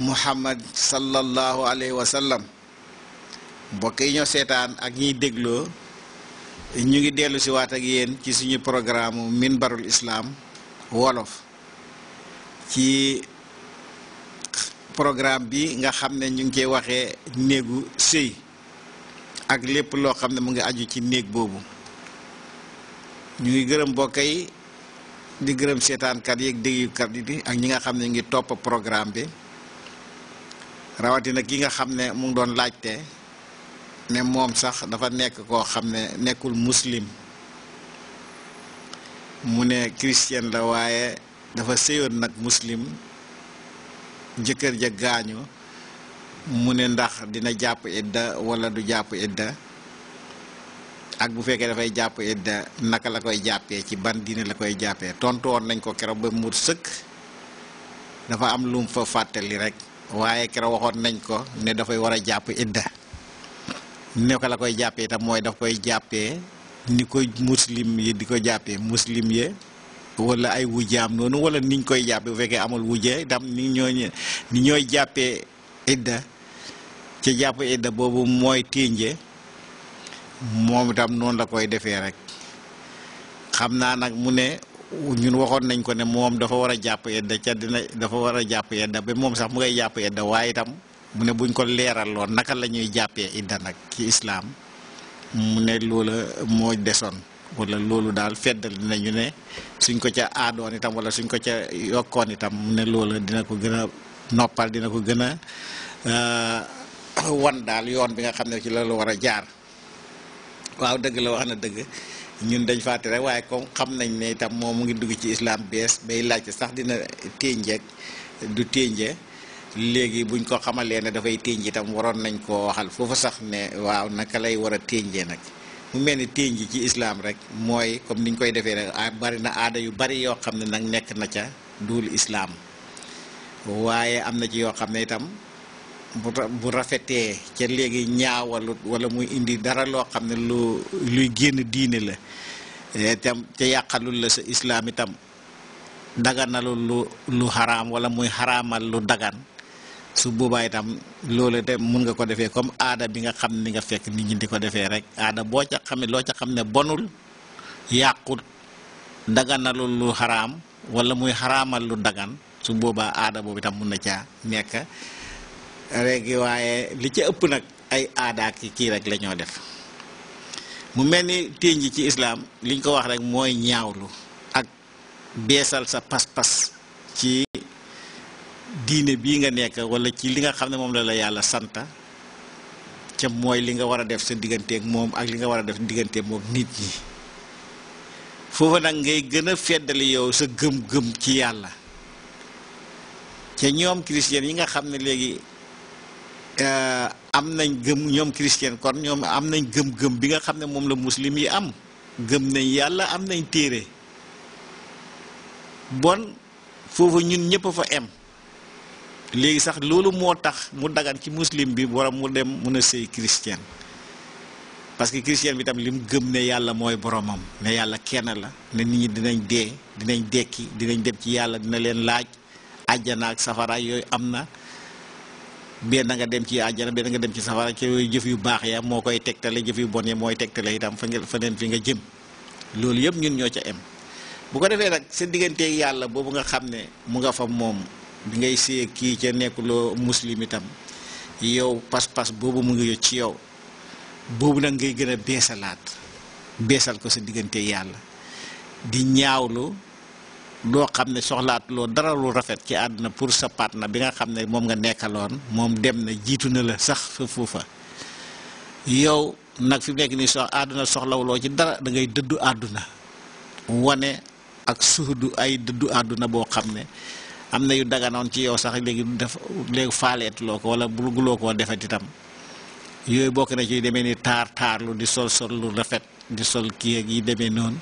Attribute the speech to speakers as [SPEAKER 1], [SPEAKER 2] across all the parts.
[SPEAKER 1] muhammad sallallahu alaihi wasallam. sallam mbokk yi ñoo deglu, ak ñiy dégloo ñu ngi dellu si waat ak yéen ci suñu programme minbarul islam wolof ci programme bi nga xam ne ñu ngi cee waxee néegu sëy ak lépp loo xam ne mu ngi aju ci néeg boobu ñu ngi gërëm mbokk yi di gërëm seetaankat yi ak déglukat yi ak ñi nga programme bi rawatina ki nga xam ne mu ngi doon laajte ne moom sax dafa nekk koo xam ne nekkul muslim mu ne chrétien la waaye dafa séyoon nag muslim jëkkër ja gaañu mu ne ndax dina jàpp idda wala du jàpp idda ak bu fekkee dafay jàpp idda naka la koy jàppee ci ban diine la koy jàppee tontu woon nañ ko keroog ba mu sëkk dafa am lum fa fàttali rek waaye keroog waxoot nañ ko ne dafay war a jàpp idda ne ko la koy jàppee itam mooy daf koy jàppee ni ko muslim yi di ko jàppee muslim yi wala ay wujaam noonu wala niñ koy jàppee bu fekkee amul wujee itam ni ñooñu ni ñooy jàppee idda ci jàpp idda boobu mooy ténje moom itam noonu la koy defee rek xam naa nag mu ne ñun waxoon nañ ko ne moom dafa war a jàpp edda ca dina dafa war a jàpp edda ba moom sax mu ngay jàpp edda waaye itam mu ne buñ ko leeraloon naka la ñuy jàppee idda nag ci islaam mu ne loola moo desoon wala loolu daal feddal ñu ne suñ ko ca aadoon itam wala suñ ko ca yokkoon itam mu ne loola dina ko gën a noppal dina ko gën a euh, wan daal yoon bi nga xam ne ci loolu war a jaar waaw dëgg la wax na dëgg ñun dañ faa tere waaye comme xam nañ ne itam moom mu ngi dugg ci islaam bees bay laajte sax dina ténjeek du ténje léegi buñ ko xamalee ne dafay ténj itam waroon nañ koo waxal foofu sax ne waaw naka lay war a ténjee nag mu mel ni ténj ci islaam rek mooy comme niñ koy defee rek bari na aada yu bari yoo xam ne nag nekk na ca duul islaam waaye am na ci yoo xam ne itam bu bu rafetee ca léegi ñaawalut wala muy indi dara loo xam ne lu luy génn diini la eh, tam ca yàqalul la sa islaam itam daganalul lu lu xaraam wala muy xaraamal lu dagan su boobaa itam loolu te mun nga ko defee comme aada bi nga xam ni nga fekk nit ñi di ko defee rek aada boo ca xam ne loo ca xam ne bonul yàqut daganalul lu xaraam wala muy xaraamal lu dagan su boobaa aada boobu itam mun na caa nekk léegi waaye li ci ëpp nag ay aadaak kii rek lañoo def mu mel ni ténj ci islaam liñ ko wax rek mooy ñaawlu ak beesal sa pas-pas ci diine bii nga nekk wala ci li nga xam ne moom la la yàlla santa ca mooy li nga war a def sa digganteek moom ak li nga war a def digganteeg moom nit yi foofu nag ngay gën a feddali yow sa gëm-gëm ci yàlla ca ñoom chrétien yi nga xam ne léegi Eh, am nañ gëm nyom christian kon nyom am nañ gëm gëm bi nga xam mom moom la muslim yi am gëm nañ yàlla am nañ téere bon foofu ñun ñëpp fa em léegi sax loolu moo tax mu dagan ci muslim bi borom mu dem mun a sëy christian parce que christian bi tam lim gëm ne yàlla mooy boromam ne yàlla kenn la ne nit ñi dinañ dee dinañ dekki dinañ dem ci yàlla dina leen laaj àjjana ak safara am benn nga dem ci àjjana benn nga dem ci safara ci jëf yu baax ya moo koy tegtale jëf yu bon ya mooy tegtale itam fa nga fa neen fi nga jëm loolu yëpp ñun ñoo ca em bu ko defee nag sa digganteeg yàlla boobu nga xam ne mu nga fa moom bi ngay séye kii ca nekkuloo muslim itam yow pas-pas boobu mu ngi ci yow boobu nag ngay gën a beesalaat beesal ko sa diggante yàlla di ñaawlu loo xam ne soxlaatuloo dara lu rafet ci àdduna pour sa partenaire bi nga xam ne moom nga nekkaloon moom dem na jiitu na la sax fa foofa yow nag fi nekk nii sox àdduna soxlawuloo ci dara da ngay dëddu àdduna wane ak du ay dëddu àdduna boo xam ne am na yu daganoon ci yow sax léegi def léegi faaleetuloo ko wala bulguloo koo defet itam yooyu bokk na ci demee ni taar taarlu di sol sol lu rafet di sol kii ak yi demee noonu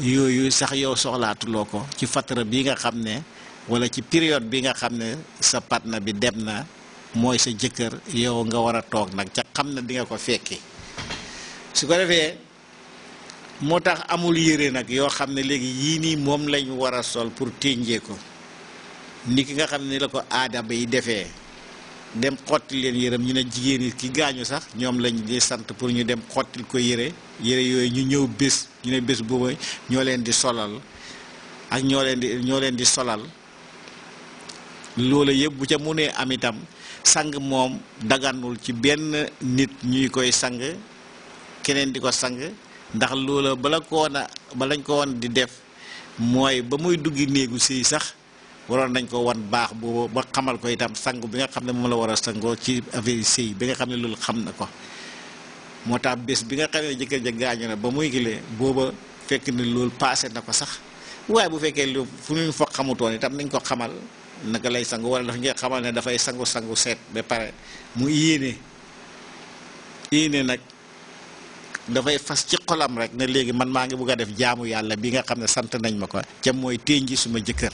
[SPEAKER 1] yooyu sax yow soxlaatuloo ko ci fatara bi nga xam ne wala ci période bi nga xam ne sa partenaire bi dem na mooy sa jëkkër yow nga war a toog nag ca xam na di nga ko fekki su ko defee moo tax amul yére nag yoo xam ne léegi yii nii moom lañu war a sol pour ténjee ko ni ki nga xam ne la ko aada bay defee dem xotti leen yërëm ñu ne jigéen yi ki gaañu sax ñoom lañ di sant pour ñu dem xottil ko yére yére yooyu ñu ñëw bés ñu ne bés boobu ñoo leen di solal ak ñoo leen di ñoo leen di solal loola yëpp bu ca mu nee am itam sang moom daganul ci benn nit ñuy koy sang keneen di ko sang ndax loola bala koon a balañ ko woon di def mooy ba muy dugg néegu sëy sax waroon nañ ko wan baax bu ba xamal ko itam sangu bi nga xam ne moom la war a sangoo ci affaire sëy bi nga xam ne loolu xam na ko moo tax bés bi nga xam ne jëkkër ja gaañu na ba muy gilee booba fekk ne loolu passé na ko sax waaye bu fekkee lu fu ñu fa xamutoon itam nañ ko xamal naka lay sangu wala dafa nga xamal ne dafay sangu sangu seet ba pare mu yéene yéene nag dafay fas ci xolam rek ne léegi man maa ngi bugg a def jaamu yàlla bi nga xam ne sant nañ ma ko ca mooy téeñ ji suma jëkkër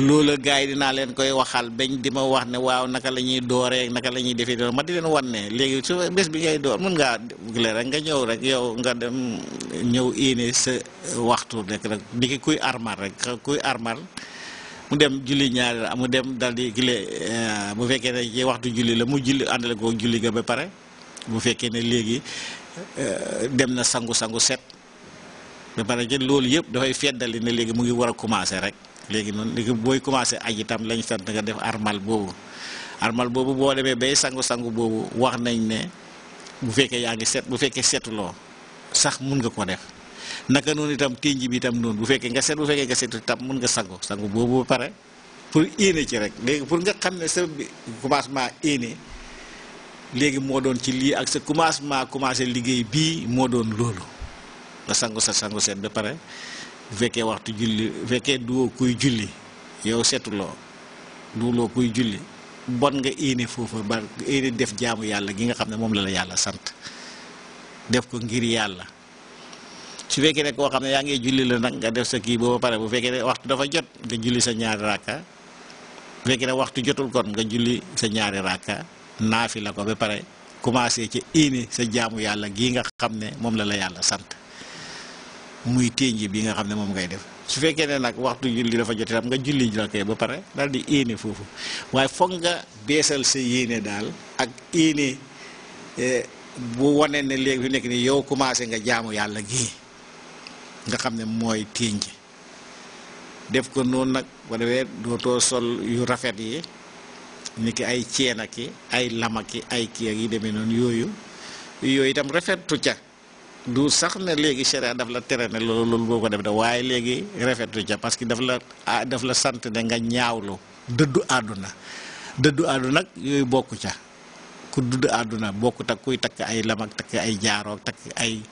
[SPEAKER 1] loola gaay dinaa leen koy waxal bañ di ma wax ne waaw naka la ñuy dooree naka la ñuy defee ma di leen wan ne léegi su bés bi ngay door mun ngaa le rek nga ñëw rek yow nga dem ñëw iine sa waxtu rek rek di ki kuy armal rek kuy armal mu dem julli ñaari amu dem dal di gile eh, bu fekkee ne ci waxtu julli la mu julli àndale ko julli ga ba pare bu fekkee ne léegi eh, dem na sangu sangu set ba pare jël loolu yëpp dafay feddali ne léegi mu ngi war a commencer rek léegi noonu léegi booy commencé aj itam lañ sant nga def armal boobu armal boobu boo demee bay sangu-sangu boobu wax nañ ne bu fekkee yaa ngi set bu fekkee setuloo sax mun nga ko def naka noonu itam tinji bi itam noonu bu fekkee nga set bu fekkee nga setul itam mun nga sangu sangu boobu ba pare pour éene ci rek léegi pour nga xam ne sa commencement éene léegi moo doon ci lii ak sa commencement commencé liggéey bii moo doon loolu nga sangu sa sangu set ba pare bu fekkee waxtu julli bu fekkee duwoo kuy julli yow setuloo duuloo kuy julli bon nga éene foofu ba éene def jaamu yàlla gi nga xam ne moom la yàlla sant def ko ngir yàlla su fekkee ne koo xam ne yaa ngi julli la nag nga sa kii booba pare bu fekkee ne waxtu dafa jot nga julli sa ñaari raaka bu waxtu jotul kon nga julli sa ñaari raaka naafi la ko ba pare commencé ca sa jaamu yàlla gi nga xam ne moom la la yàlla sant muy ténji bi nga xam ne moom ngay def su fekkee ne nag waxtu julli dafa jotee tam nga julli la koy ba pare daal di yéene foofu waaye foog nga beesal sa yéene daal ak yéene eh, bu wane ne léegi fi nekk ni yow commencé nga jaamu yàlla gii nga xam ne mooy ténji def ko noonu nag ba defee dootoo sol yu rafet yi ni ki ay ceen ak ay lam ak ay kii ak yi demee noonu yooyu yooyu itam rafetu ca du sax ne léegi sharia daf la tere ne loolu loolu boo ko def de waaye léegi rafetu ca parce que daf la ah daf la sant ne nga ñaawlu dëddu àdduna dëddu àdduna nag yooyu bokku ca ku dudd àdduna bokkut ak kuy takk ay lamag ak takk ay jaaroo takk ay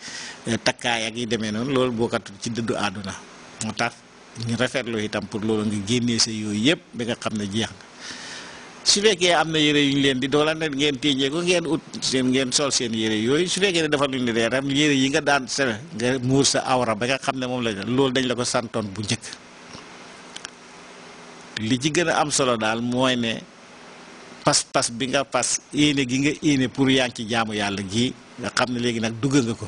[SPEAKER 1] eh, takkaay ak yi demee noonu loolu bokkatu ci dëddu àdduna moo tax ñu rafetlu itam pour loolu nga génnee sa yooyu yëpp bi nga xam ne jeex na su fekkee am na yére yu ñu leen di dooleel ne ngeen téye ko ngeen ut seen ngeen sol seen yére yooyu su fekkee ne dafa luñ ne dee tam yére yi nga daan sa nga muur sa awra ba nga xam ne moom la loolu dañ la ko santoon bu njëkk li ci gën a am solo daal mooy ne pas-pas bi nga pas yéene gi nga yéene pour yaa ci jaamu yàlla gii nga xam ne léegi nag dugg nga ko.